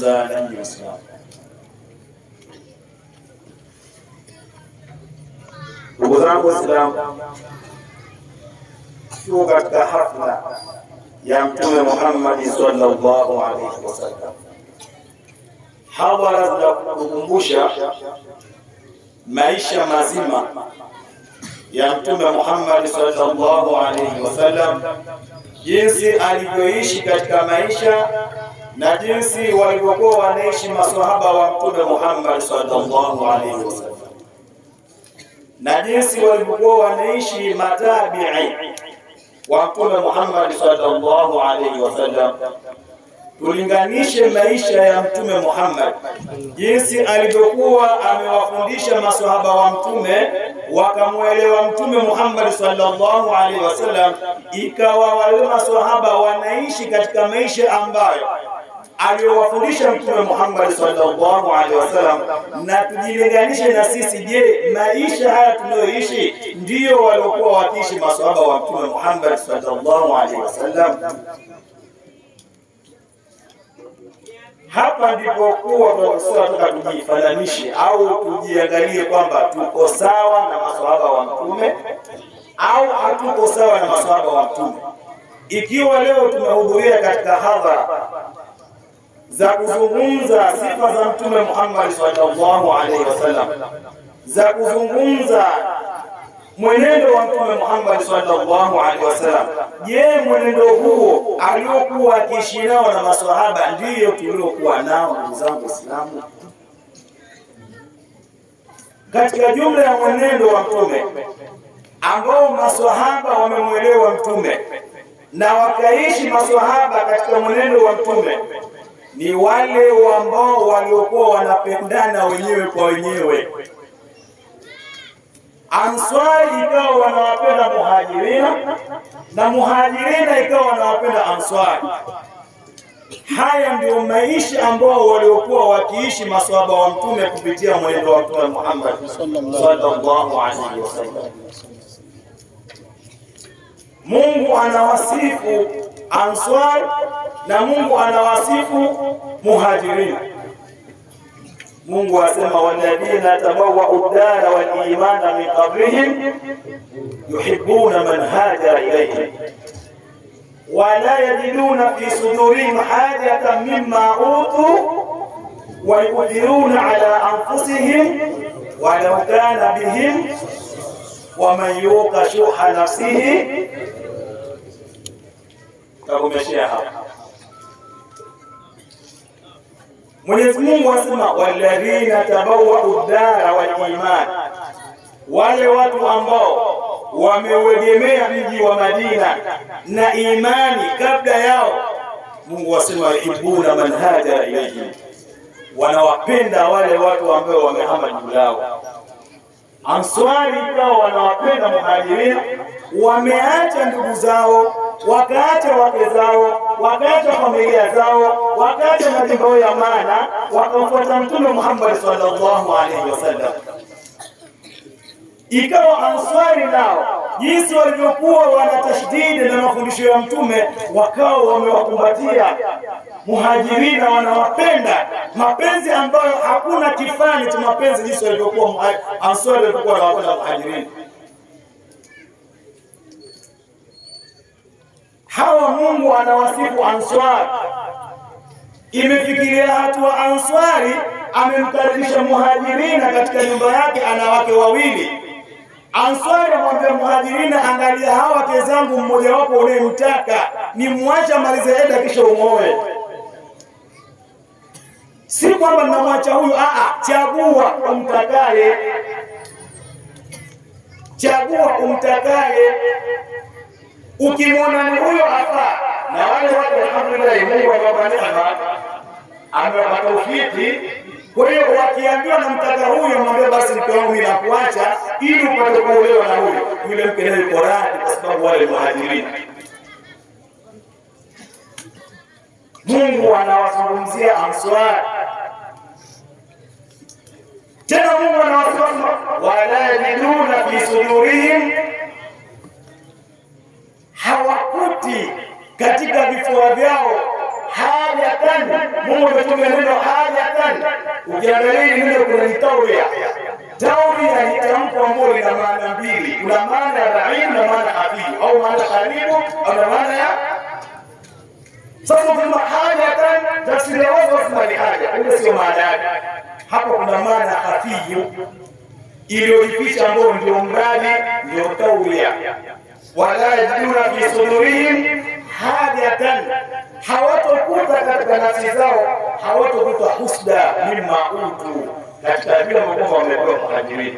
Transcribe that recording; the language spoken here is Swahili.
kwanza na Waislamu. Ndugu zangu Waislamu, tuko katika hafla ya Mtume muhammadi sallallahu alaihi wasallam. Hadhara zinakukumbusha maisha mazima ya Mtume muhammadi sallallahu alaihi wasallam, jinsi alivyoishi katika maisha na jinsi walivyokuwa wanaishi maswahaba wa Mtume Muhammad sallallahu alaihi wasallam na jinsi walivyokuwa wanaishi matabii wa Mtume Muhammad sallallahu alaihi wasallam. Tulinganishe maisha ya Mtume Muhammad jinsi alivyokuwa amewafundisha maswahaba wa Mtume, wakamwelewa Mtume Muhammad sallallahu alaihi wasallam, ikawa wale maswahaba wanaishi katika maisha ambayo aliyowafundisha Mtume Muhammad sallallahu alaihi wasallam, na tujilinganishe na sisi. Je, maisha haya tunayoishi ndiyo waliokuwa wakiishi maswahaba wa Mtume Muhammad sallallahu alaihi wasallam? Hapa ndipo kuwa tunataka tujifananishe au tujiangalie kwamba tuko sawa na maswahaba wa Mtume au hatuko sawa na maswahaba wa Mtume. Ikiwa leo tumehudhuria katika hadhara za kuzungumza sifa za Mtume Muhammad sallallahu alaihi wasallam, za kuzungumza mwenendo wa Mtume Muhammad sallallahu alaihi wasallam. Je, mwenendo huo aliokuwa akiishi nao na maswahaba ndiyo tuliokuwa nao? Ndugu zangu Waislamu, katika jumla ya mwenendo wa Mtume ambao maswahaba wamemwelewa Mtume na wakaishi maswahaba katika mwenendo wa Mtume ni wale ambao waliokuwa wanapendana wenyewe kwa wenyewe. Answari ikawa wanawapenda Muhajirina na Muhajirina ikawa wanawapenda Answari. Haya ndio maisha ambao waliokuwa wakiishi maswahaba wa mtume kupitia mwendo wa Mtume Muhammad sallallahu alaihi wasallam. Mungu anawasifu Answari na Mungu anawasifu muhajirin. Mungu asema walladhina tabawwau dara wal imana min qablihim yuhibbuna man hajara ilayhim wala yajiduna fi sudurihim hajatan mimma utu wa yu'thiruna ala anfusihim walau kana bihim waman yuqa shuha nafsihi. Takomeshea hapa. Mwenyezi Mungu asema walladhina tabawwau dara wal iman, wale watu ambao wameuegemea mji wa Madina na imani kabla yao. Mungu asema yuhibbuna man hajara ilayhim, wanawapenda wale watu ambao wamehama juu yao Answari ikawa wanawapenda muhajirin wameacha ndugu zao, wakaacha wake zao, wakaacha familia zao, wakaacha majimbo ya maana, wakamfuata Mtume Muhammad sallallahu alaihi wasallam. Ikawa Answari nao jinsi walivyokuwa wana tashdidi na mafundisho ya Mtume, wakawa wamewakumbatia muhajirina wanawapenda, mapenzi ambayo hakuna kifani cha mapenzi jinsi walivyokuwa Answari walivyokuwa wanawapenda muhajirina. Hawa Mungu anawasifu Answari, imefikiria hatua Answari amemkaribisha muhajirina katika nyumba yake, ana wake wawili. Answari amwambia muhajirina, angalia hawa wake zangu, mmojawapo unayemtaka ni mwacha malize kisha umoe si kwamba namwacha huyu. Aa, ah, ah, chagua umtakaye, chagua umtakaye. Ukimwona ni huyo hapa, na wale watu alhamdulillahi, Mungu awabariki, amewapa Kwa hiyo wakiambiwa na mtaka huyo, mwambie basi mke wangu mimi nakuacha, ili upate kuolewa na huyo. Yule mke naye yuko radhi, kwa sababu wale muhajirini Mungu anawazungumzia Answari Mwenyezi Mungu anawasema wala yajiduna fi sudurihim, hawakuti katika vifua vyao hajatan. Mungu ametumia neno hajatan, ukiangalia neno kuna tauria tauria ni tamko ambalo lina maana mbili, kuna maana ya rahimu na maana hafifu, au maana karibu au maana ya sasa. Kuna hajatan tafsiri ya wazo ni haja, ile sio maana yake hapo kuna maana hafiyu iliyojificha ambayo ndio mradi ndio tawia wala yajiduna fi sudurihim hajatan, hawatokuta katika nafsi zao, hawatokuta husda mimma utu, katika vile ambavyo wamepewa muhajirini